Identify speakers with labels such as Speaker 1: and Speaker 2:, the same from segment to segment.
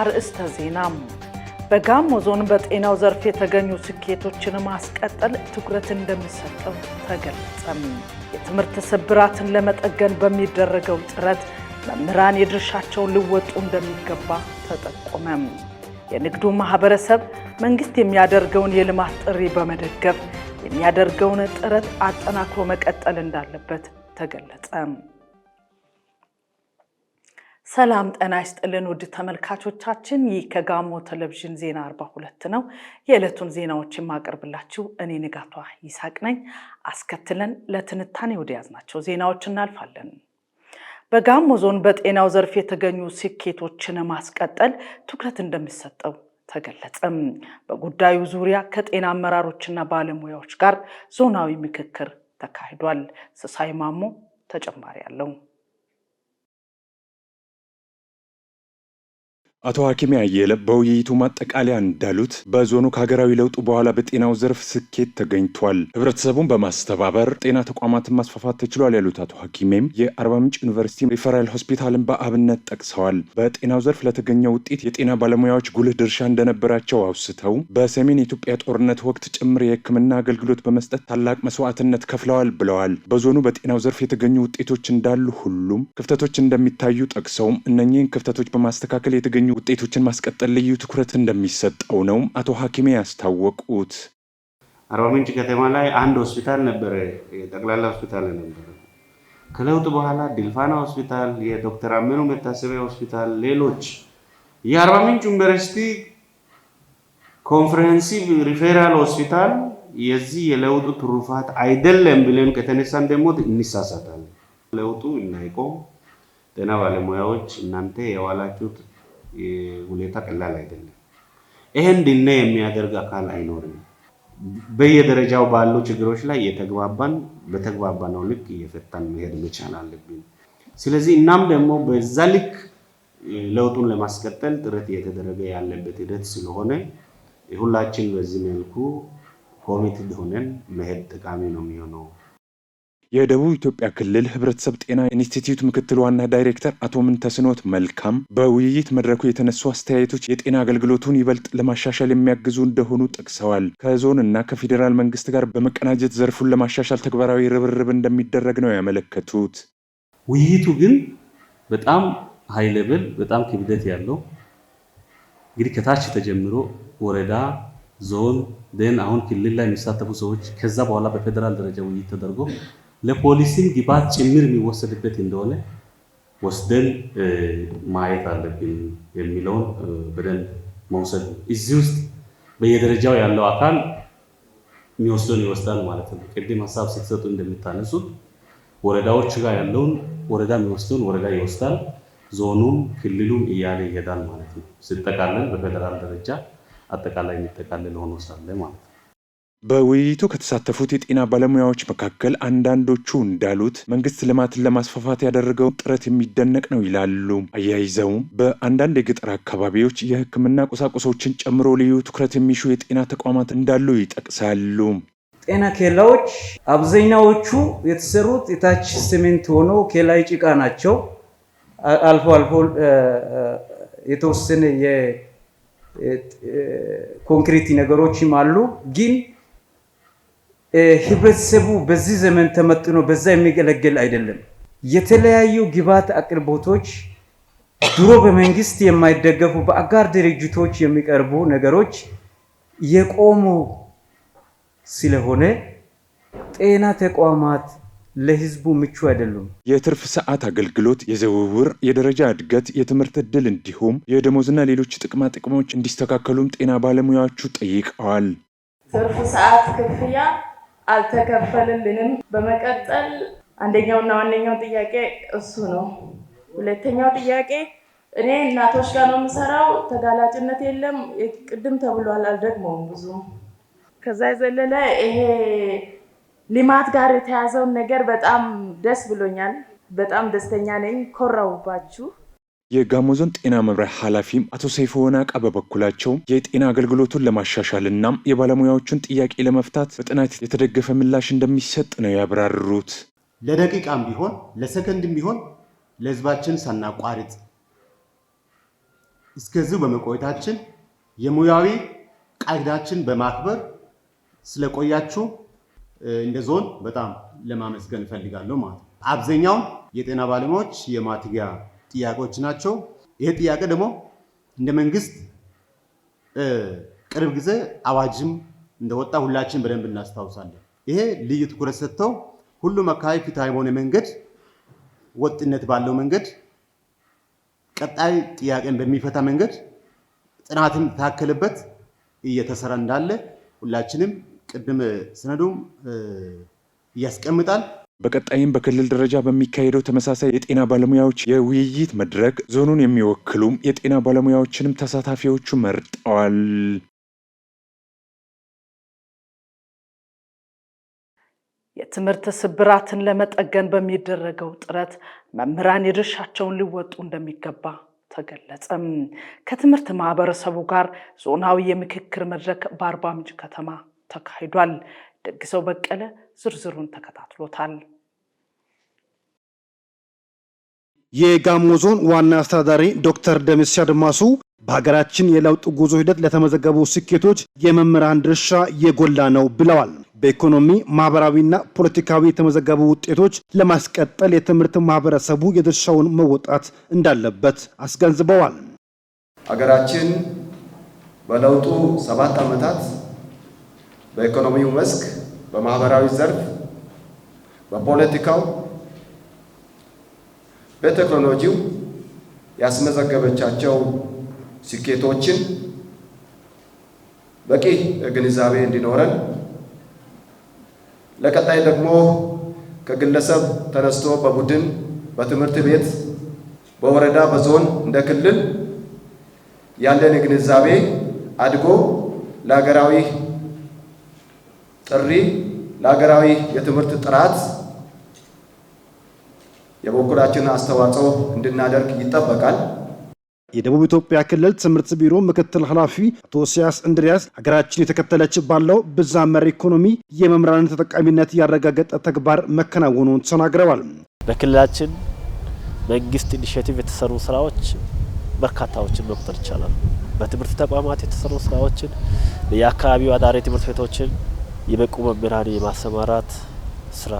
Speaker 1: አርእስተ ዜናም በጋሞ ዞን በጤናው ዘርፍ የተገኙ ስኬቶችን ማስቀጠል ትኩረት እንደሚሰጠው ተገለጸም። የትምህርት ስብራትን ለመጠገን በሚደረገው ጥረት መምህራን የድርሻቸውን ሊወጡ እንደሚገባ ተጠቆመም። የንግዱ ማህበረሰብ መንግስት የሚያደርገውን የልማት ጥሪ በመደገፍ የሚያደርገውን ጥረት አጠናክሮ መቀጠል እንዳለበት ተገለጸ። ሰላም ጤና ይስጥልን ውድ ተመልካቾቻችን፣ ይህ ከጋሞ ቴሌቪዥን ዜና አርባ ሁለት ነው። የዕለቱን ዜናዎች የማቀርብላችሁ እኔ ንጋቷ ይሳቅ ነኝ። አስከትለን ለትንታኔ ወደ ያዝናቸው ዜናዎች እናልፋለን። በጋሞ ዞን በጤናው ዘርፍ የተገኙ ስኬቶችን ማስቀጠል ትኩረት እንደሚሰጠው ተገለጸም። በጉዳዩ ዙሪያ ከጤና አመራሮችና ባለሙያዎች ጋር ዞናዊ ምክክር ተካሂዷል። ስሳይ ማሞ ተጨማሪ አለው።
Speaker 2: አቶ ሀኪሜ አየለ በውይይቱ ማጠቃለያ እንዳሉት በዞኑ ከሀገራዊ ለውጡ በኋላ በጤናው ዘርፍ ስኬት ተገኝቷል፣ ህብረተሰቡን በማስተባበር ጤና ተቋማትን ማስፋፋት ተችሏል ያሉት አቶ ሀኪሜም የአርባ ምንጭ ዩኒቨርሲቲ ሪፈራል ሆስፒታልን በአብነት ጠቅሰዋል። በጤናው ዘርፍ ለተገኘ ውጤት የጤና ባለሙያዎች ጉልህ ድርሻ እንደነበራቸው አውስተው በሰሜን የኢትዮጵያ ጦርነት ወቅት ጭምር የህክምና አገልግሎት በመስጠት ታላቅ መስዋዕትነት ከፍለዋል ብለዋል። በዞኑ በጤናው ዘርፍ የተገኙ ውጤቶች እንዳሉ ሁሉም ክፍተቶች እንደሚታዩ ጠቅሰውም እነኚህን ክፍተቶች በማስተካከል የተገኙ ውጤቶችን ማስቀጠል ልዩ ትኩረት እንደሚሰጠው ነው አቶ ሀኪም ያስታወቁት።
Speaker 3: አርባ ምንጭ ከተማ ላይ አንድ ሆስፒታል ነበረ፣ ጠቅላላ ሆስፒታል ነበረ። ከለውጥ በኋላ ድልፋና ሆስፒታል፣ የዶክተር አመኑ መታሰቢያ ሆስፒታል፣ ሌሎች የአርባ ምንጭ ዩኒቨርሲቲ ኮንፍሬንሲቭ ሪፌራል ሆስፒታል የዚህ የለውጡ ትሩፋት አይደለም ብለን ከተነሳን ደግሞ እንሳሳታለን። ለውጡ እናይቆም ጤና ባለሙያዎች እናንተ የዋላችሁት ሁኔታ ቀላል አይደለም። ይሄን ድና የሚያደርግ አካል አይኖርም። በየደረጃው ባሉ ችግሮች ላይ እየተግባባን በተግባባነው ልክ እየፈታን መሄድ መቻል አለብን። ስለዚህ እናም ደግሞ በዛ ልክ ለውጡን ለማስቀጠል ጥረት እየተደረገ ያለበት ሂደት ስለሆነ ሁላችን በዚህ መልኩ ኮሚትድ ሆነን መሄድ ጠቃሚ ነው የሚሆነው።
Speaker 2: የደቡብ ኢትዮጵያ ክልል ህብረተሰብ ጤና ኢንስቲትዩት ምክትል ዋና ዳይሬክተር አቶ ምንተስኖት መልካም በውይይት መድረኩ የተነሱ አስተያየቶች የጤና አገልግሎቱን ይበልጥ ለማሻሻል የሚያግዙ እንደሆኑ ጠቅሰዋል። ከዞን እና ከፌዴራል መንግስት ጋር በመቀናጀት ዘርፉን ለማሻሻል ተግባራዊ ርብርብ እንደሚደረግ ነው ያመለከቱት።
Speaker 4: ውይይቱ ግን በጣም ሀይ ሌቭል፣ በጣም ክብደት ያለው እንግዲህ ከታች ተጀምሮ ወረዳ፣ ዞን፣ ደን አሁን ክልል ላይ የሚሳተፉ ሰዎች ከዛ በኋላ በፌዴራል ደረጃ ውይይት ተደርጎ ለፖሊሲም ግባት ጭምር የሚወሰድበት እንደሆነ ወስደን ማየት አለብን የሚለውን በደንብ መውሰድ እዚህ ውስጥ በየደረጃው ያለው አካል የሚወስደን ይወስዳል ማለት ነው። ቅድም ሀሳብ ስትሰጡ እንደምታነሱት ወረዳዎች ጋር ያለውን ወረዳ የሚወስደውን ወረዳ ይወስዳል፣ ዞኑም ክልሉም እያለ ይሄዳል ማለት ነው። ሲጠቃለል በፌደራል ደረጃ አጠቃላይ የሚጠቃለል ሆኖ ሳለ ማለት ነው።
Speaker 2: በውይይቱ ከተሳተፉት የጤና ባለሙያዎች መካከል አንዳንዶቹ እንዳሉት መንግስት ልማትን ለማስፋፋት ያደረገው ጥረት የሚደነቅ ነው ይላሉ። አያይዘውም በአንዳንድ የገጠር አካባቢዎች የሕክምና ቁሳቁሶችን ጨምሮ ልዩ ትኩረት የሚሹ የጤና ተቋማት እንዳሉ ይጠቅሳሉ።
Speaker 3: ጤና ኬላዎች አብዛኛዎቹ የተሰሩት የታች ሲሜንት ሆኖ ኬላይ ጭቃ ናቸው። አልፎ አልፎ የተወሰነ የኮንክሪት ነገሮችም አሉ ግን ህብረተሰቡ በዚህ ዘመን ተመጥኖ በዛ የሚገለገል አይደለም። የተለያዩ ግብዓት አቅርቦቶች ድሮ በመንግስት የማይደገፉ በአጋር ድርጅቶች የሚቀርቡ ነገሮች የቆሙ ስለሆነ ጤና ተቋማት ለህዝቡ ምቹ አይደሉም።
Speaker 2: የትርፍ ሰዓት አገልግሎት፣ የዝውውር፣ የደረጃ እድገት፣ የትምህርት እድል እንዲሁም የደሞዝና ሌሎች ጥቅማ ጥቅሞች እንዲስተካከሉም ጤና ባለሙያዎቹ ጠይቀዋል።
Speaker 5: ትርፍ ሰዓት ክፍያ አልተከፈልልንም። በመቀጠል አንደኛውና ዋነኛው ጥያቄ እሱ ነው። ሁለተኛው ጥያቄ እኔ እናቶች ጋር ነው የምሰራው፣ ተጋላጭነት የለም። ቅድም ተብሏል፣ አልደግመውም ብዙ። ከዛ የዘለለ ይሄ ልማት ጋር የተያዘውን ነገር በጣም ደስ ብሎኛል። በጣም ደስተኛ ነኝ። ኮራውባችሁ።
Speaker 2: የጋሞ ዞን ጤና መምሪያ ኃላፊም አቶ ሰይፎ ወናቃ በበኩላቸው የጤና አገልግሎቱን ለማሻሻል እና የባለሙያዎቹን ጥያቄ ለመፍታት በጥናት የተደገፈ ምላሽ እንደሚሰጥ ነው ያብራሩት።
Speaker 3: ለደቂቃም ቢሆን ለሰከንድም ቢሆን ለህዝባችን ሳናቋርጥ እስከዚሁ በመቆየታችን የሙያዊ ቃይዳችን በማክበር ስለቆያችሁ እንደ ዞን በጣም ለማመስገን እፈልጋለሁ ማለት ነው። አብዛኛውን የጤና ባለሙያዎች የማትጊያ ጥያቄዎች ናቸው። ይህ ጥያቄ ደግሞ እንደ መንግስት ቅርብ ጊዜ አዋጅም እንደወጣ ሁላችን በደንብ እናስታውሳለን። ይሄ ልዩ ትኩረት ሰጥተው ሁሉም አካባቢ ፍትሃዊ በሆነ መንገድ ወጥነት ባለው መንገድ ቀጣይ ጥያቄን በሚፈታ መንገድ ጥናትን ታከለበት እየተሰራ እንዳለ ሁላችንም ቅድም ሰነዱም ያስቀምጣል።
Speaker 2: በቀጣይም በክልል ደረጃ በሚካሄደው ተመሳሳይ የጤና ባለሙያዎች የውይይት መድረክ ዞኑን የሚወክሉም የጤና ባለሙያዎችንም ተሳታፊዎቹ መርጠዋል።
Speaker 1: የትምህርት ስብራትን ለመጠገን በሚደረገው ጥረት መምህራን የድርሻቸውን ሊወጡ እንደሚገባ ተገለጸም። ከትምህርት ማህበረሰቡ ጋር ዞናዊ የምክክር መድረክ በአርባ ምንጭ ከተማ ተካሂዷል። ደግሰው በቀለ ዝርዝሩን ተከታትሎታል።
Speaker 2: የጋሞ ዞን ዋና አስተዳዳሪ ዶክተር ደምስ አድማሱ በሀገራችን የለውጥ ጉዞ ሂደት ለተመዘገቡ ስኬቶች የመምህራን ድርሻ የጎላ ነው ብለዋል። በኢኮኖሚ ማህበራዊና ፖለቲካዊ የተመዘገቡ ውጤቶች ለማስቀጠል የትምህርት ማህበረሰቡ የድርሻውን መወጣት እንዳለበት አስገንዝበዋል።
Speaker 6: ሀገራችን በለውጡ ሰባት ዓመታት በኢኮኖሚው መስክ በማህበራዊ ዘርፍ፣ በፖለቲካው፣ በቴክኖሎጂው ያስመዘገበቻቸው ስኬቶችን በቂ ግንዛቤ እንዲኖረን ለቀጣይ ደግሞ ከግለሰብ ተነስቶ በቡድን በትምህርት ቤት በወረዳ በዞን እንደ ክልል ያለን ግንዛቤ አድጎ ለሀገራዊ ጥሪ ለሀገራዊ የትምህርት ጥራት የበኩላችን አስተዋጽኦ እንድናደርግ ይጠበቃል።
Speaker 2: የደቡብ ኢትዮጵያ ክልል ትምህርት ቢሮ ምክትል ኃላፊ አቶ ሲያስ እንድሪያስ ሀገራችን የተከተለች ባለው ብዝሃ መር ኢኮኖሚ የመምህራንን ተጠቃሚነት ያረጋገጠ ተግባር መከናወኑን ተናግረዋል።
Speaker 7: በክልላችን መንግስት ኢኒሽቲቭ የተሰሩ ስራዎች በርካታዎችን መቁጠር ይቻላል። በትምህርት ተቋማት የተሰሩ ስራዎችን የአካባቢው አዳሪ ትምህርት ቤቶችን የበቁ መምህራን የማሰማራት ስራ፣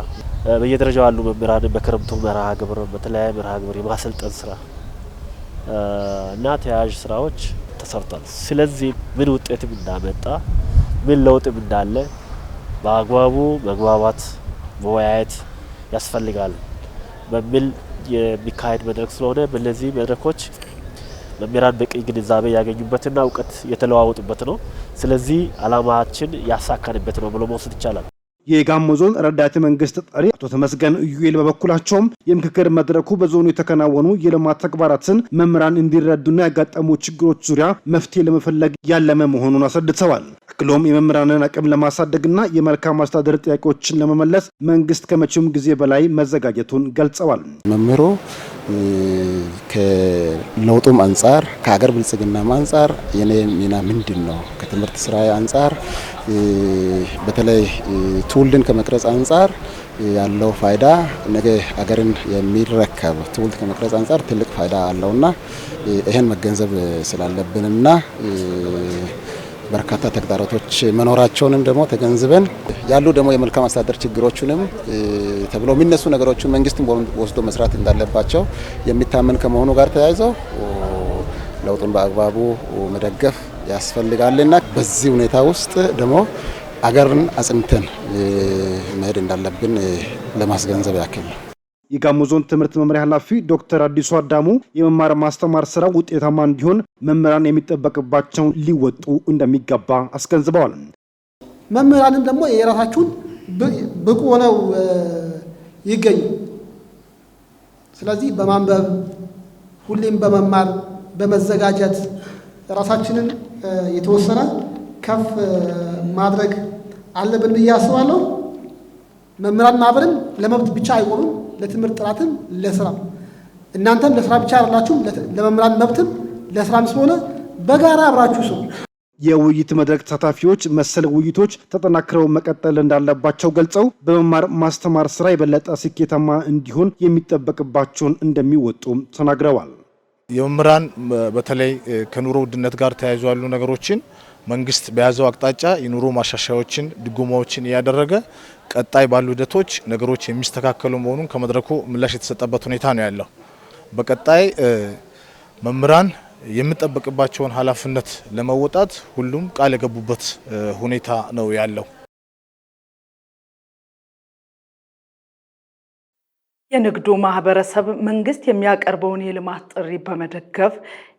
Speaker 7: በየደረጃው ያሉ መምህራን በክረምቱ መርሃ ግብር፣ በተለያየ መርሃ ግብር የማሰልጠን ስራ እና ተያያዥ ስራዎች ተሰርቷል። ስለዚህ ምን ውጤትም እንዳመጣ ምን ለውጥም እንዳለ በአግባቡ መግባባት መወያየት ያስፈልጋል በሚል የሚካሄድ መድረክ ስለሆነ በእነዚህ መድረኮች መምህራን በቂ ግንዛቤ ያገኙበትና እውቀት የተለዋወጡበት ነው። ስለዚህ አላማችን ያሳካንበት ነው ብሎ መውሰድ ይቻላል።
Speaker 2: የጋሞ ዞን ረዳት መንግስት ጠሪ አቶ ተመስገን እዩኤል በበኩላቸውም የምክክር መድረኩ በዞኑ የተከናወኑ የልማት ተግባራትን መምህራን እንዲረዱና ያጋጠሙ ችግሮች ዙሪያ መፍትሄ ለመፈለግ ያለመ መሆኑን አስረድተዋል። አክሎም የመምህራንን አቅም ለማሳደግና የመልካም አስተዳደር ጥያቄዎችን ለመመለስ መንግስት ከመቼውም ጊዜ በላይ መዘጋጀቱን ገልጸዋል።
Speaker 8: መምህሩ ከለውጡም አንጻር ከሀገር ብልጽግናም አንጻር የኔ ሚና ምንድን ነው? ከትምህርት ስራ አንጻር በተለይ ትውልድን ከመቅረጽ አንጻር ያለው ፋይዳ ነገ አገርን የሚረከብ ትውልድ ከመቅረጽ አንጻር ትልቅ ፋይዳ አለውና ይህን መገንዘብ ስላለብንና በርካታ ተግዳሮቶች መኖራቸውንም ደግሞ ተገንዝበን ያሉ ደግሞ የመልካም አስተዳደር ችግሮችንም ተብሎ የሚነሱ ነገሮችን መንግስትም ወስዶ መስራት እንዳለባቸው የሚታመን ከመሆኑ ጋር ተያይዘው ለውጡን በአግባቡ መደገፍ ያስፈልጋልና በዚህ ሁኔታ ውስጥ ደግሞ አገርን አጽንተን መሄድ እንዳለብን ለማስገንዘብ ያክል ነው።
Speaker 2: የጋሞ ዞን ትምህርት መምሪያ ኃላፊ ዶክተር አዲሱ አዳሙ የመማር ማስተማር ስራ ውጤታማ እንዲሆን መምህራን የሚጠበቅባቸውን ሊወጡ እንደሚገባ አስገንዝበዋል።
Speaker 9: መምህራንም ደግሞ የራሳችሁን ብቁ ሆነው ይገኙ። ስለዚህ በማንበብ ሁሌም በመማር በመዘጋጀት ራሳችንን የተወሰነ ከፍ ማድረግ አለብን ብዬ አስባለሁ። መምህራን ማህበርም ለመብት ብቻ አይቆሙም። ለትምህርት ጥራትም ለስራ እናንተም ለስራ ብቻ አላችሁም ለመምህራን መብትም ለስራም ስለሆነ በጋራ አብራችሁ ሰው
Speaker 2: የውይይት መድረክ ተሳታፊዎች መሰል ውይይቶች ተጠናክረው መቀጠል እንዳለባቸው ገልጸው በመማር ማስተማር ስራ የበለጠ ስኬታማ እንዲሆን የሚጠበቅባቸውን እንደሚወጡ ተናግረዋል።
Speaker 10: የመምህራን በተለይ ከኑሮ ውድነት ጋር ተያይዞ ያሉ ነገሮችን መንግስት በያዘው አቅጣጫ የኑሮ ማሻሻያዎችን ድጎማዎችን እያደረገ ቀጣይ ባሉ ሂደቶች ነገሮች የሚስተካከሉ መሆኑን ከመድረኩ ምላሽ የተሰጠበት ሁኔታ ነው ያለው። በቀጣይ መምህራን የምጠበቅባቸውን ኃላፊነት ለመወጣት ሁሉም ቃል የገቡበት ሁኔታ ነው ያለው።
Speaker 1: የንግዱ ማህበረሰብ መንግስት የሚያቀርበውን የልማት ጥሪ በመደገፍ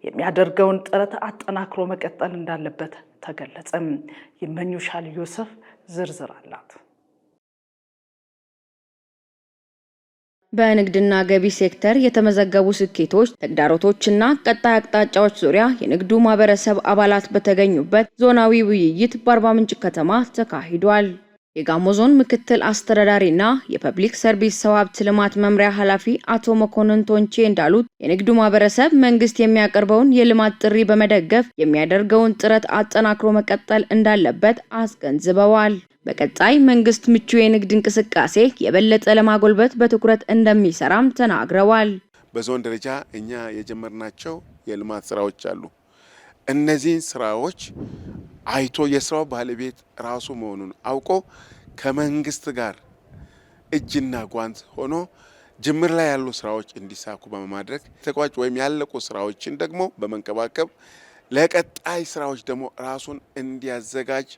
Speaker 1: የሚያደርገውን ጥረት አጠናክሮ መቀጠል እንዳለበት ተገለጸም። ይመኙሻል ዮሴፍ ዝርዝር አላት።
Speaker 11: በንግድና ገቢ ሴክተር የተመዘገቡ ስኬቶች፣ ተግዳሮቶችና ቀጣይ አቅጣጫዎች ዙሪያ የንግዱ ማህበረሰብ አባላት በተገኙበት ዞናዊ ውይይት በአርባ ምንጭ ከተማ ተካሂዷል። የጋሞ ዞን ምክትል አስተዳዳሪና የፐብሊክ ሰርቪስ ሰው ሀብት ልማት መምሪያ ኃላፊ አቶ መኮንን ቶንቼ እንዳሉት የንግዱ ማህበረሰብ መንግስት የሚያቀርበውን የልማት ጥሪ በመደገፍ የሚያደርገውን ጥረት አጠናክሮ መቀጠል እንዳለበት አስገንዝበዋል። በቀጣይ መንግስት ምቹ የንግድ እንቅስቃሴ የበለጠ ለማጎልበት በትኩረት እንደሚሰራም ተናግረዋል።
Speaker 12: በዞን ደረጃ እኛ የጀመርናቸው የልማት ስራዎች አሉ። እነዚህን ስራዎች አይቶ የስራው ባለቤት ራሱ መሆኑን አውቆ ከመንግስት ጋር እጅና ጓንት ሆኖ ጅምር ላይ ያሉ ስራዎች እንዲሳኩ በማድረግ ተቋጭ ወይም ያለቁ ስራዎችን ደግሞ በመንከባከብ ለቀጣይ ስራዎች ደግሞ ራሱን እንዲያዘጋጅ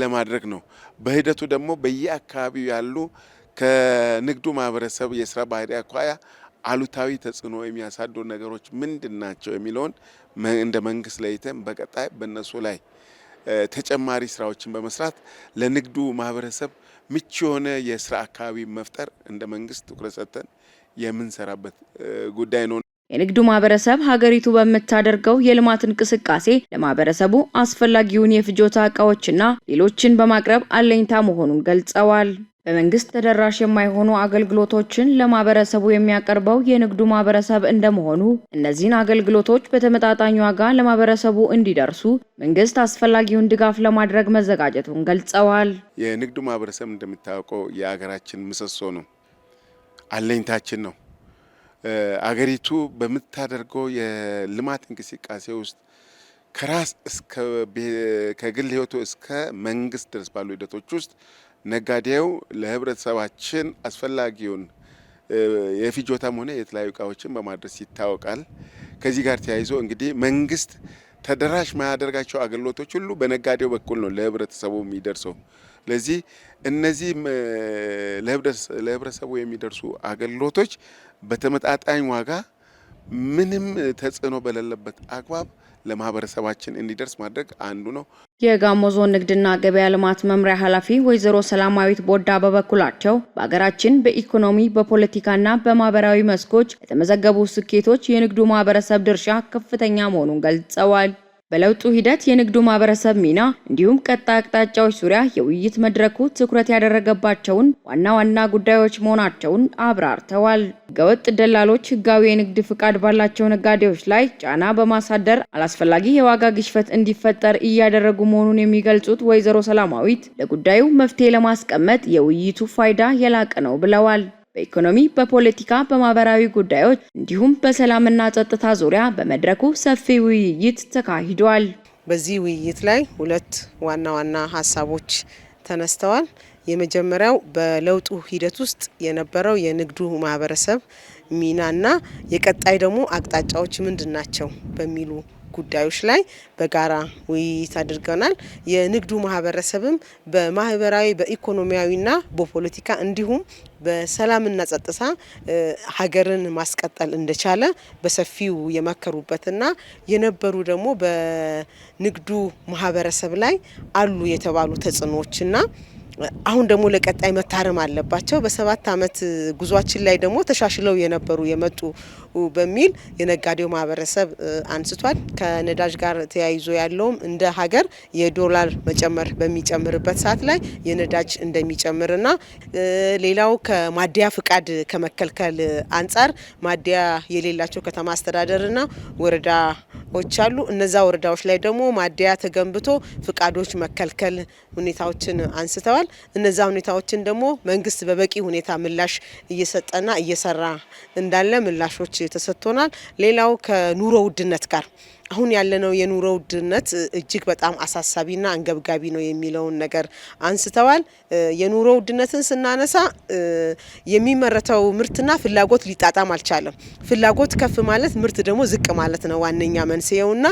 Speaker 12: ለማድረግ ነው። በሂደቱ ደግሞ በየአካባቢው ያሉ ከንግዱ ማህበረሰብ የስራ ባህሪ አኳያ አሉታዊ ተጽዕኖ የሚያሳድሩ ነገሮች ምንድን ናቸው የሚለውን እንደ መንግስት ለይተን በቀጣይ በእነሱ ላይ ተጨማሪ ስራዎችን በመስራት ለንግዱ ማህበረሰብ ምቹ የሆነ የስራ አካባቢ መፍጠር እንደ መንግስት ትኩረት ሰጥተን የምንሰራበት ጉዳይ ነው።
Speaker 11: የንግዱ ማህበረሰብ ሀገሪቱ በምታደርገው የልማት እንቅስቃሴ ለማህበረሰቡ አስፈላጊውን የፍጆታ እቃዎችና ሌሎችን በማቅረብ አለኝታ መሆኑን ገልጸዋል። በመንግስት ተደራሽ የማይሆኑ አገልግሎቶችን ለማህበረሰቡ የሚያቀርበው የንግዱ ማህበረሰብ እንደመሆኑ እነዚህን አገልግሎቶች በተመጣጣኝ ዋጋ ለማህበረሰቡ እንዲደርሱ መንግስት አስፈላጊውን ድጋፍ ለማድረግ መዘጋጀቱን ገልጸዋል።
Speaker 13: የንግዱ ማህበረሰብ እንደሚታወቀው የአገራችን ምሰሶ ነው፣ አለኝታችን ነው። አገሪቱ በምታደርገው የልማት እንቅስቃሴ ውስጥ ከራስ እስከ ከግል ህይወቱ እስከ መንግስት ድረስ ባሉ ሂደቶች ውስጥ ነጋዴው ለህብረተሰባችን አስፈላጊውን የፍጆታም ሆነ የተለያዩ እቃዎችን በማድረስ ይታወቃል። ከዚህ ጋር ተያይዞ እንግዲህ መንግስት ተደራሽ ማያደርጋቸው አገልግሎቶች ሁሉ በነጋዴው በኩል ነው ለህብረተሰቡ የሚደርሰው። ለዚህ እነዚህ ለህብረተሰቡ የሚደርሱ አገልግሎቶች በተመጣጣኝ ዋጋ ምንም ተጽዕኖ በሌለበት አግባብ ለማህበረሰባችን እንዲደርስ ማድረግ አንዱ ነው።
Speaker 11: የጋሞ ዞን ንግድና ገበያ ልማት መምሪያ ኃላፊ ወይዘሮ ሰላማዊት ቦዳ በበኩላቸው በሀገራችን በኢኮኖሚ በፖለቲካና በማህበራዊ መስኮች የተመዘገቡ ስኬቶች የንግዱ ማህበረሰብ ድርሻ ከፍተኛ መሆኑን ገልጸዋል። በለውጡ ሂደት የንግዱ ማህበረሰብ ሚና እንዲሁም ቀጣይ አቅጣጫዎች ዙሪያ የውይይት መድረኩ ትኩረት ያደረገባቸውን ዋና ዋና ጉዳዮች መሆናቸውን አብራርተዋል። ህገወጥ ደላሎች ህጋዊ የንግድ ፍቃድ ባላቸው ነጋዴዎች ላይ ጫና በማሳደር አላስፈላጊ የዋጋ ግሽፈት እንዲፈጠር እያደረጉ መሆኑን የሚገልጹት ወይዘሮ ሰላማዊት ለጉዳዩ መፍትሄ ለማስቀመጥ የውይይቱ ፋይዳ የላቀ ነው ብለዋል። በኢኮኖሚ፣ በፖለቲካ፣ በማህበራዊ ጉዳዮች እንዲሁም በሰላምና ጸጥታ ዙሪያ በመድረኩ ሰፊ ውይይት ተካሂዷል።
Speaker 14: በዚህ ውይይት ላይ ሁለት ዋና ዋና ሀሳቦች ተነስተዋል። የመጀመሪያው በለውጡ ሂደት ውስጥ የነበረው የንግዱ ማህበረሰብ ሚናና የቀጣይ ደግሞ አቅጣጫዎች ምንድን ናቸው በሚሉ ጉዳዮች ላይ በጋራ ውይይት አድርገናል። የንግዱ ማህበረሰብም በማህበራዊ በኢኮኖሚያዊና በፖለቲካ እንዲሁም በሰላምና ጸጥታ ሀገርን ማስቀጠል እንደቻለ በሰፊው የመከሩበትና የነበሩ ደግሞ በንግዱ ማህበረሰብ ላይ አሉ የተባሉ ተጽዕኖዎችና አሁን ደግሞ ለቀጣይ መታረም አለባቸው። በሰባት አመት ጉዟችን ላይ ደግሞ ተሻሽለው የነበሩ የመጡ በሚል የነጋዴው ማህበረሰብ አንስቷል። ከነዳጅ ጋር ተያይዞ ያለውም እንደ ሀገር የዶላር መጨመር በሚጨምርበት ሰዓት ላይ የነዳጅ እንደሚጨምርና ሌላው ከማደያ ፍቃድ ከመከልከል አንጻር ማደያ የሌላቸው ከተማ አስተዳደርና ወረዳ ወረዳዎች አሉ። እነዛ ወረዳዎች ላይ ደግሞ ማደያ ተገንብቶ ፍቃዶች መከልከል ሁኔታዎችን አንስተዋል። እነዛ ሁኔታዎችን ደግሞ መንግስት በበቂ ሁኔታ ምላሽ እየሰጠና እየሰራ እንዳለ ምላሾች ተሰጥቶናል። ሌላው ከኑሮ ውድነት ጋር አሁን ያለነው የኑሮ ውድነት እጅግ በጣም አሳሳቢና አንገብጋቢ ነው የሚለውን ነገር አንስተዋል። የኑሮ ውድነትን ስናነሳ የሚመረተው ምርትና ፍላጎት ሊጣጣም አልቻለም። ፍላጎት ከፍ ማለት ምርት ደግሞ ዝቅ ማለት ነው ዋነኛ መንስኤውና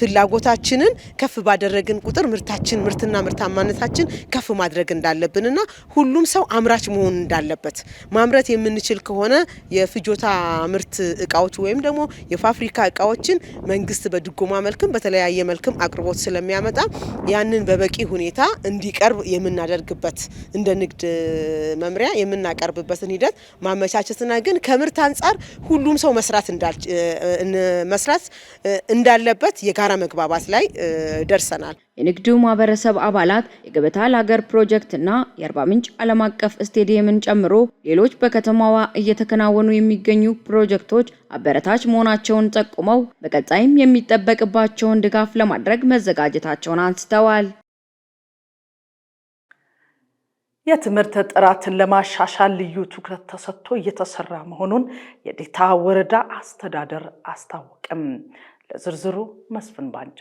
Speaker 14: ፍላጎታችንን ከፍ ባደረግን ቁጥር ምርታችን ምርትና ምርታማነታችን ከፍ ማድረግ እንዳለብንና ሁሉም ሰው አምራች መሆን እንዳለበት ማምረት የምንችል ከሆነ የፍጆታ ምርት እቃዎች ወይም ደግሞ የፋብሪካ እቃዎችን መንግስት መንግስት በድጎማ መልክም በተለያየ መልክም አቅርቦት ስለሚያመጣ ያንን በበቂ ሁኔታ እንዲቀርብ የምናደርግበት እንደ ንግድ መምሪያ የምናቀርብበትን ሂደት ማመቻቸትና ግን ከምርት አንጻር ሁሉም ሰው መስራት እንዳለበት የጋራ መግባባት ላይ ደርሰናል።
Speaker 11: የንግዱ ማህበረሰብ አባላት የገበታ ለሀገር እና የአርባ ምንጭ ዓለም አቀፍ ስቴዲየምን ጨምሮ ሌሎች በከተማዋ እየተከናወኑ የሚገኙ ፕሮጀክቶች አበረታች መሆናቸውን ጠቁመው በቀጣይም የሚጠበቅባቸውን ድጋፍ ለማድረግ መዘጋጀታቸውን አንስተዋል።
Speaker 1: የትምህርት ጥራትን ለማሻሻል ልዩ ትኩረት ተሰጥቶ እየተሰራ መሆኑን የዴታ ወረዳ አስተዳደር አስታወቅም። ለዝርዝሩ መስፍን ባንጃ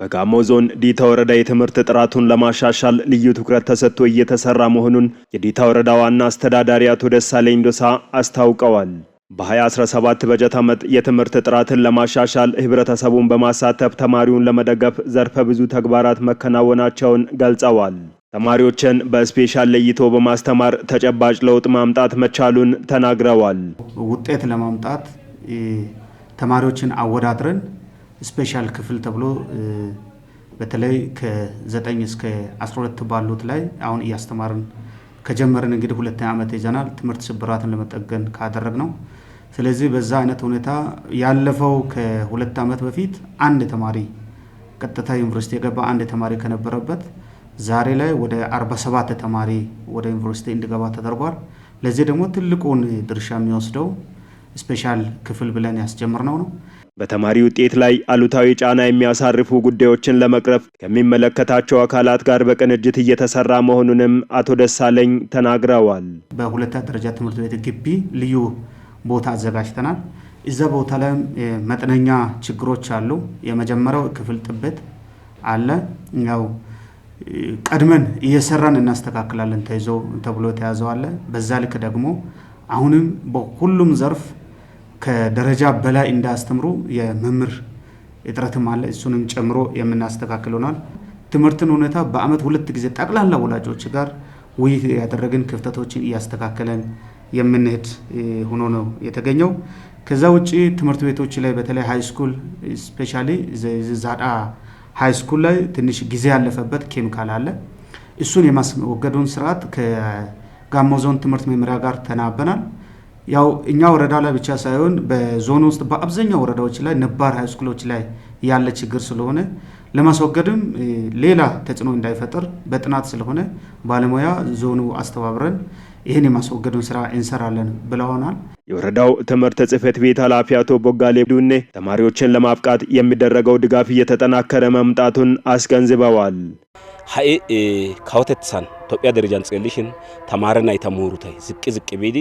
Speaker 2: በጋሞ ዞን ዲታ ወረዳ የትምህርት ጥራቱን ለማሻሻል ልዩ ትኩረት ተሰጥቶ እየተሰራ መሆኑን የዲታ ወረዳ ዋና አስተዳዳሪ አቶ ደሳለኝ እንዶሳ አስታውቀዋል። በ2017 በጀት ዓመት የትምህርት ጥራትን ለማሻሻል ህብረተሰቡን በማሳተፍ ተማሪውን ለመደገፍ ዘርፈ ብዙ ተግባራት መከናወናቸውን ገልጸዋል። ተማሪዎችን በስፔሻል ለይቶ በማስተማር ተጨባጭ ለውጥ ማምጣት መቻሉን ተናግረዋል።
Speaker 8: ውጤት ለማምጣት ተማሪዎችን አወዳድረን ስፔሻል ክፍል ተብሎ በተለይ ከ9 እስከ 12 ባሉት ላይ አሁን እያስተማርን ከጀመርን እንግዲህ ሁለተኛ ዓመት ይዘናል። ትምህርት ስብራትን ለመጠገን ካደረግ ነው። ስለዚህ በዛ አይነት ሁኔታ ያለፈው ከሁለት ዓመት በፊት አንድ ተማሪ ቀጥታ ዩኒቨርሲቲ የገባ አንድ ተማሪ ከነበረበት ዛሬ ላይ ወደ 47 ተማሪ ወደ ዩኒቨርሲቲ እንዲገባ ተደርጓል። ለዚህ ደግሞ ትልቁን ድርሻ የሚወስደው ስፔሻል ክፍል ብለን ያስጀምር ነው ነው
Speaker 2: በተማሪ ውጤት ላይ አሉታዊ ጫና የሚያሳርፉ ጉዳዮችን ለመቅረፍ ከሚመለከታቸው አካላት ጋር በቅንጅት እየተሰራ መሆኑንም አቶ ደሳለኝ ተናግረዋል።
Speaker 8: በሁለተኛ ደረጃ ትምህርት ቤት ግቢ ልዩ ቦታ አዘጋጅተናል። እዛ ቦታ ላይ መጠነኛ ችግሮች አሉ። የመጀመሪያው ክፍል ጥበት አለ። ያው ቀድመን እየሰራን እናስተካክላለን ተይዞ ተብሎ ተያዘው አለ። በዛ ልክ ደግሞ አሁንም በሁሉም ዘርፍ ከደረጃ በላይ እንዳያስተምሩ የመምህር እጥረትም አለ። እሱንም ጨምሮ የምናስተካክል ሆናል። ትምህርትን ሁኔታ በአመት ሁለት ጊዜ ጠቅላላ ወላጆች ጋር ውይይት ያደረግን ክፍተቶችን እያስተካከለን የምንሄድ ሆኖ ነው የተገኘው። ከዛ ውጭ ትምህርት ቤቶች ላይ በተለይ ሃይ ስኩል ስፔሻሊ ዛዳ ስኩል ላይ ትንሽ ጊዜ ያለፈበት ኬሚካል አለ። እሱን የማስወገዱን ስርዓት ከጋሞ ዞን ትምህርት መምሪያ ጋር ተናበናል። ያው እኛ ወረዳ ላይ ብቻ ሳይሆን በዞን ውስጥ በአብዛኛው ወረዳዎች ላይ ነባር ሃይስኩሎች ላይ ያለ ችግር ስለሆነ ለማስወገድም ሌላ ተጽዕኖ እንዳይፈጠር በጥናት ስለሆነ ባለሙያ ዞኑ አስተባብረን ይህን የማስወገዱን ስራ እንሰራለን ብለውናል።
Speaker 2: የወረዳው ትምህርት ጽሕፈት ቤት ኃላፊ አቶ ቦጋሌ ዱኔ ተማሪዎችን ለማብቃት የሚደረገው ድጋፍ እየተጠናከረ መምጣቱን አስገንዝበዋል።
Speaker 15: ሀይ ካውተትሳን ኢትዮጵያ ደረጃን ጽልሽን ተማረን አይተምሁሩታይ ዝቅ ዝቅ ቢዲ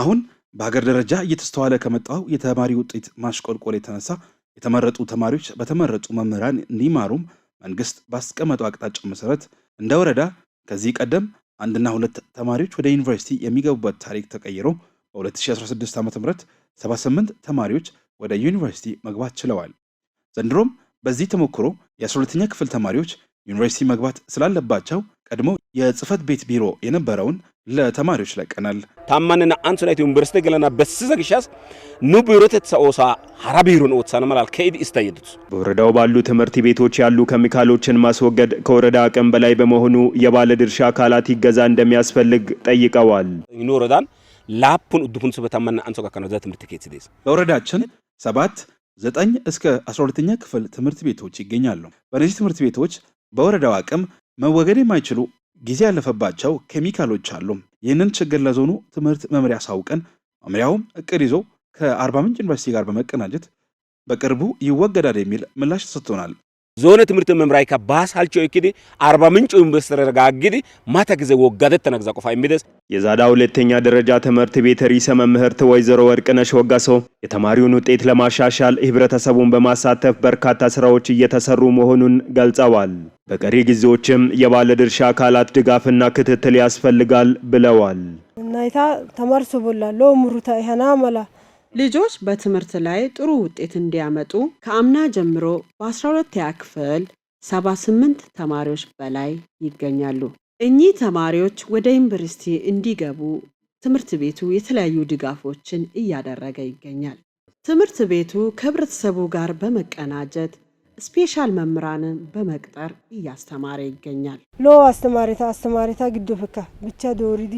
Speaker 16: አሁን በሀገር ደረጃ እየተስተዋለ ከመጣው የተማሪ ውጤት ማሽቆልቆል የተነሳ የተመረጡ ተማሪዎች በተመረጡ መምህራን እንዲማሩም መንግስት ባስቀመጠው አቅጣጫ መሰረት እንደ ወረዳ ከዚህ ቀደም አንድና ሁለት ተማሪዎች ወደ ዩኒቨርሲቲ የሚገቡበት ታሪክ ተቀይሮ በ2016 ዓ ም 78 ተማሪዎች ወደ ዩኒቨርሲቲ መግባት ችለዋል። ዘንድሮም በዚህ ተሞክሮ የ12ኛ ክፍል ተማሪዎች ዩኒቨርሲቲ መግባት ስላለባቸው ቀድሞ የጽህፈት ቤት ቢሮ የነበረውን ለተማሪዎች ለቀናል
Speaker 17: ታማንና አንሶናይት ዩኒቨርሲቲ ገለና በስዘ ግሻስ ኑ ቢሮተት ኦሳ ሀራ ቢሮን ኦትሳን መላል ከኢድ ይስተይዱት
Speaker 2: በወረዳው ባሉ ትምህርት ቤቶች ያሉ ኬሚካሎችን ማስወገድ ከወረዳ አቅም በላይ በመሆኑ የባለ ድርሻ አካላት ይገዛ እንደሚያስፈልግ ጠይቀዋል።
Speaker 17: ይኑ ወረዳን ላፑን እዱሁን ስበታማና አንሶ ካከ ነው ትምህርት ቤት ስደስ
Speaker 16: በወረዳችን ሰባት ዘጠኝ እስከ 12ኛ ክፍል ትምህርት ቤቶች ይገኛሉ። በእነዚህ ትምህርት ቤቶች በወረዳው አቅም መወገድ የማይችሉ ጊዜ ያለፈባቸው ኬሚካሎች አሉ። ይህንን ችግር ለዞኑ ትምህርት መምሪያ አሳውቀን መምሪያውም እቅድ ይዞ ከአርባ ምንጭ ዩኒቨርሲቲ ጋር በመቀናጀት በቅርቡ ይወገዳል የሚል ምላሽ ተሰጥቶናል።
Speaker 17: ዞነ ትምህርት መምሪያ ከባስ አልቸው እክድ አርባ ምንጭ ዩኒቨርሲቲ ረጋግድ ማታ ጊዜ ወጋደት ተነግዛ ቆፋ የሚደስ
Speaker 2: የዛዳ ሁለተኛ ደረጃ ትምህርት ቤት ርዕሰ መምህርት ወይዘሮ ወርቅነሽ ወጋሶ የተማሪውን ውጤት ለማሻሻል ህብረተሰቡን በማሳተፍ በርካታ ስራዎች እየተሰሩ መሆኑን ገልጸዋል። በቀሪ ጊዜዎችም የባለ ድርሻ አካላት ድጋፍና ክትትል ያስፈልጋል ብለዋል።
Speaker 5: እናይታ ተመርሱ ቦላሎ ምሩታ ይሄና መላ
Speaker 11: ልጆች በትምህርት ላይ ጥሩ ውጤት እንዲያመጡ ከአምና ጀምሮ በ12ኛ ክፍል 78 ተማሪዎች በላይ ይገኛሉ። እኚህ ተማሪዎች ወደ ዩኒቨርሲቲ እንዲገቡ ትምህርት ቤቱ የተለያዩ ድጋፎችን እያደረገ ይገኛል። ትምህርት ቤቱ ከህብረተሰቡ ጋር በመቀናጀት ስፔሻል መምህራንን በመቅጠር እያስተማረ ይገኛል።
Speaker 5: ሎ አስተማሪታ አስተማሪታ ፍካ ብቻ ዶሪዲ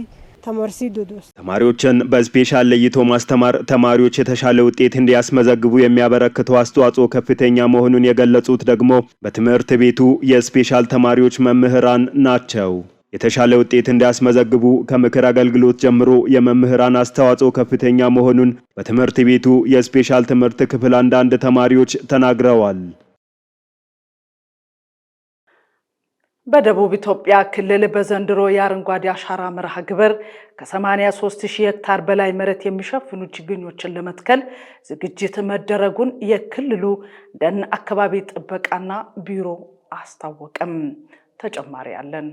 Speaker 2: ተማሪዎችን በስፔሻል ለይቶ ማስተማር ተማሪዎች የተሻለ ውጤት እንዲያስመዘግቡ የሚያበረክተው አስተዋጽኦ ከፍተኛ መሆኑን የገለጹት ደግሞ በትምህርት ቤቱ የስፔሻል ተማሪዎች መምህራን ናቸው። የተሻለ ውጤት እንዲያስመዘግቡ ከምክር አገልግሎት ጀምሮ የመምህራን አስተዋጽኦ ከፍተኛ መሆኑን በትምህርት ቤቱ የስፔሻል ትምህርት ክፍል አንዳንድ ተማሪዎች ተናግረዋል።
Speaker 1: በደቡብ ኢትዮጵያ ክልል በዘንድሮ የአረንጓዴ አሻራ መርሃ ግብር ከ83 ሺህ ሄክታር በላይ መሬት የሚሸፍኑ ችግኞችን ለመትከል ዝግጅት መደረጉን የክልሉ ደን አካባቢ ጥበቃና ቢሮ አስታወቀም። ተጨማሪ አለን።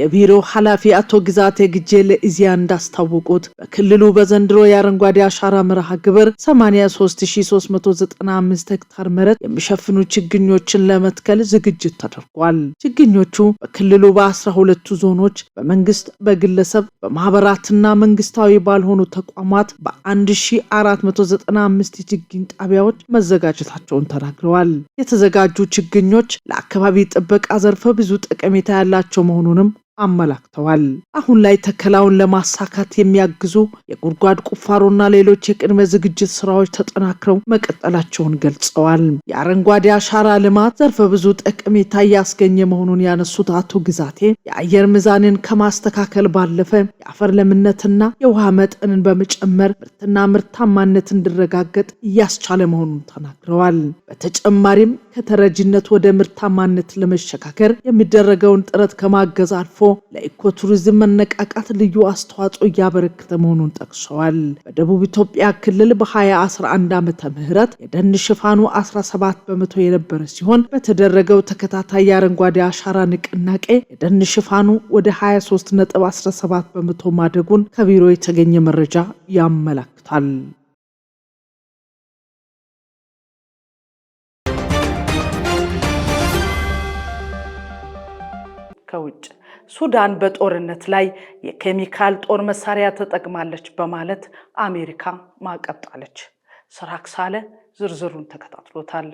Speaker 11: የቢሮ ኃላፊ አቶ ግዛቴ ግጄ ለኢዜአ እንዳስታወቁት በክልሉ በዘንድሮ የአረንጓዴ አሻራ መርሃ ግብር 83395 ሄክታር መሬት የሚሸፍኑ ችግኞችን ለመትከል ዝግጅት ተደርጓል። ችግኞቹ በክልሉ በአስራ ሁለቱ ዞኖች በመንግስት በግለሰብ በማህበራትና መንግስታዊ ባልሆኑ ተቋማት በ1495 የችግኝ ጣቢያዎች መዘጋጀታቸውን ተናግረዋል። የተዘጋጁ ችግኞች ለአካባቢ ጥበቃ ዘርፈ ብዙ ጠቀሜታ ያላቸው መሆኑንም አመላክተዋል። አሁን ላይ ተከላውን ለማሳካት የሚያግዙ የጉድጓድ ቁፋሮና ሌሎች የቅድመ ዝግጅት ስራዎች ተጠናክረው መቀጠላቸውን ገልጸዋል። የአረንጓዴ አሻራ ልማት ዘርፈ ብዙ ጠቀሜታ እያስገኘ መሆኑን ያነሱት አቶ ግዛቴ የአየር ሚዛንን ከማስተካከል ባለፈ የአፈር ለምነትና የውሃ መጠንን በመጨመር ምርትና ምርታማነት እንዲረጋገጥ እያስቻለ መሆኑን ተናግረዋል። በተጨማሪም ከተረጂነት ወደ ምርታማነት ለመሸጋገር የሚደረገውን ጥረት ከማገዝ አልፎ ለኢኮቱሪዝም መነቃቃት ልዩ አስተዋጽኦ እያበረከተ መሆኑን ጠቅሰዋል። በደቡብ ኢትዮጵያ ክልል በ2011 ዓመተ ምህረት የደን ሽፋኑ 17 በመቶ የነበረ ሲሆን በተደረገው ተከታታይ የአረንጓዴ አሻራ ንቅናቄ የደን ሽፋኑ ወደ 23.17 በመቶ ማደጉን ከቢሮ የተገኘ መረጃ ያመላክታል።
Speaker 1: ከውጭ ሱዳን በጦርነት ላይ የኬሚካል ጦር መሳሪያ ተጠቅማለች በማለት አሜሪካ ማዕቀብ ጣለች። ስራክ ሳለ ዝርዝሩን ተከታትሎታል።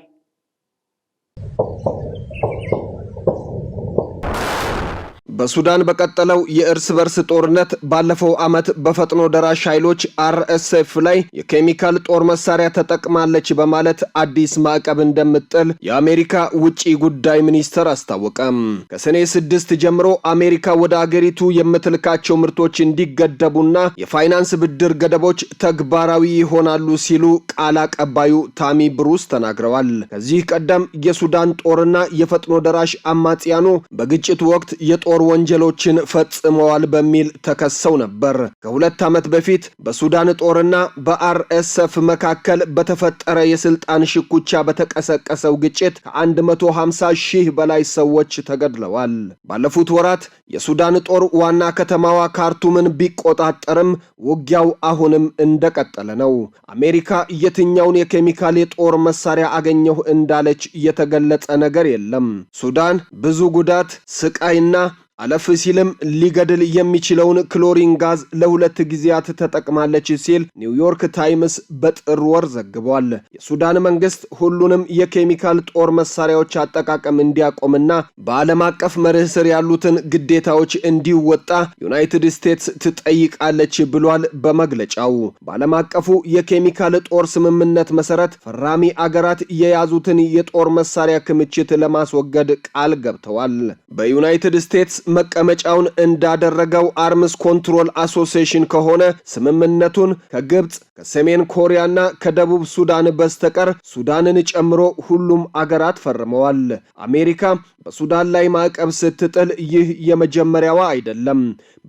Speaker 2: በሱዳን በቀጠለው የእርስ በርስ ጦርነት ባለፈው ዓመት በፈጥኖ ደራሽ ኃይሎች አርኤስኤፍ ላይ የኬሚካል ጦር መሳሪያ ተጠቅማለች በማለት አዲስ ማዕቀብ እንደምጥል የአሜሪካ ውጪ ጉዳይ ሚኒስቴር አስታወቀም። ከሰኔ ስድስት ጀምሮ አሜሪካ ወደ አገሪቱ የምትልካቸው ምርቶች እንዲገደቡና የፋይናንስ ብድር ገደቦች ተግባራዊ ይሆናሉ ሲሉ ቃል አቀባዩ ታሚ ብሩስ ተናግረዋል። ከዚህ ቀደም የሱዳን ጦርና የፈጥኖ ደራሽ አማጽያኑ በግጭት ወቅት የጦር ወንጀሎችን ፈጽመዋል በሚል ተከሰው ነበር። ከሁለት ዓመት በፊት በሱዳን ጦርና በአርኤስኤፍ መካከል በተፈጠረ የስልጣን ሽኩቻ በተቀሰቀሰው ግጭት ከ150 ሺህ በላይ ሰዎች ተገድለዋል። ባለፉት ወራት የሱዳን ጦር ዋና ከተማዋ ካርቱምን ቢቆጣጠርም ውጊያው አሁንም እንደቀጠለ ነው። አሜሪካ የትኛውን የኬሚካል የጦር መሳሪያ አገኘሁ እንዳለች የተገለጸ ነገር የለም። ሱዳን ብዙ ጉዳት ስቃይና አለፍ ሲልም ሊገድል የሚችለውን ክሎሪን ጋዝ ለሁለት ጊዜያት ተጠቅማለች ሲል ኒውዮርክ ታይምስ በጥር ወር ዘግቧል። የሱዳን መንግስት ሁሉንም የኬሚካል ጦር መሳሪያዎች አጠቃቀም እንዲያቆምና በዓለም አቀፍ መርህ ስር ያሉትን ግዴታዎች እንዲወጣ ዩናይትድ ስቴትስ ትጠይቃለች ብሏል በመግለጫው። በዓለም አቀፉ የኬሚካል ጦር ስምምነት መሰረት ፈራሚ አገራት የያዙትን የጦር መሳሪያ ክምችት ለማስወገድ ቃል ገብተዋል። በዩናይትድ ስቴትስ መቀመጫውን እንዳደረገው አርምስ ኮንትሮል አሶሲሽን ከሆነ ስምምነቱን ከግብፅ ከሰሜን ኮሪያና ከደቡብ ሱዳን በስተቀር ሱዳንን ጨምሮ ሁሉም አገራት ፈርመዋል። አሜሪካ በሱዳን ላይ ማዕቀብ ስትጥል ይህ የመጀመሪያዋ አይደለም።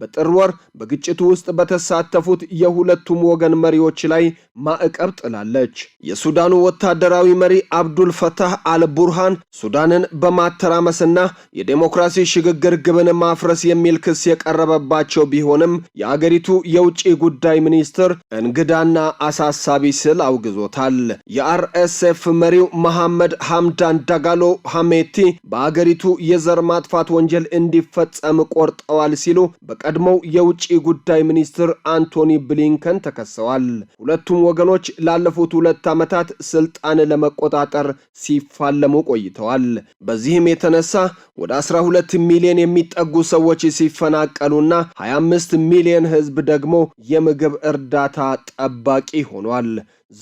Speaker 2: በጥር ወር በግጭቱ ውስጥ በተሳተፉት የሁለቱም ወገን መሪዎች ላይ ማዕቀብ ጥላለች። የሱዳኑ ወታደራዊ መሪ አብዱል ፈታህ አልቡርሃን ሱዳንን በማተራመስና የዴሞክራሲ ሽግግር ግብን መንግስትን ማፍረስ የሚል ክስ የቀረበባቸው ቢሆንም የአገሪቱ የውጭ ጉዳይ ሚኒስትር እንግዳና አሳሳቢ ስል አውግዞታል። የአርኤስኤፍ መሪው መሐመድ ሐምዳን ዳጋሎ ሐሜቲ በአገሪቱ የዘር ማጥፋት ወንጀል እንዲፈጸም ቆርጠዋል ሲሉ በቀድሞው የውጭ ጉዳይ ሚኒስትር አንቶኒ ብሊንከን ተከሰዋል። ሁለቱም ወገኖች ላለፉት ሁለት ዓመታት ስልጣን ለመቆጣጠር ሲፋለሙ ቆይተዋል። በዚህም የተነሳ ወደ 12 ሚሊዮን የሚጠ የሚጠጉ ሰዎች ሲፈናቀሉና 25 ሚሊዮን ህዝብ ደግሞ የምግብ እርዳታ ጠባቂ ሆኗል።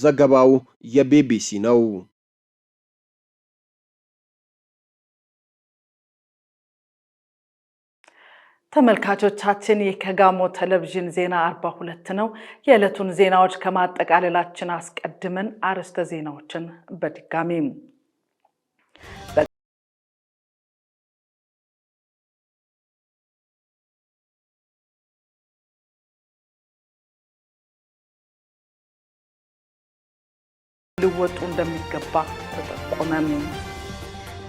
Speaker 2: ዘገባው የቢቢሲ ነው።
Speaker 1: ተመልካቾቻችን የከጋሞ ቴሌቪዥን ዜና 42 ነው። የዕለቱን ዜናዎች ከማጠቃለላችን አስቀድመን አርዕስተ ዜናዎችን በድጋሚ ሊወጡ እንደሚገባ ተጠቆመም።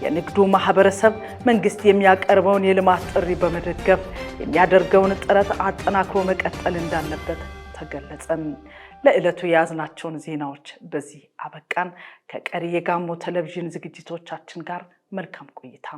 Speaker 1: የንግዱ ማህበረሰብ መንግስት የሚያቀርበውን የልማት ጥሪ በመደገፍ የሚያደርገውን ጥረት አጠናክሮ መቀጠል እንዳለበት ተገለጸም። ለዕለቱ የያዝናቸውን ዜናዎች በዚህ አበቃን። ከቀሪ የጋሞ ቴሌቪዥን ዝግጅቶቻችን ጋር መልካም ቆይታ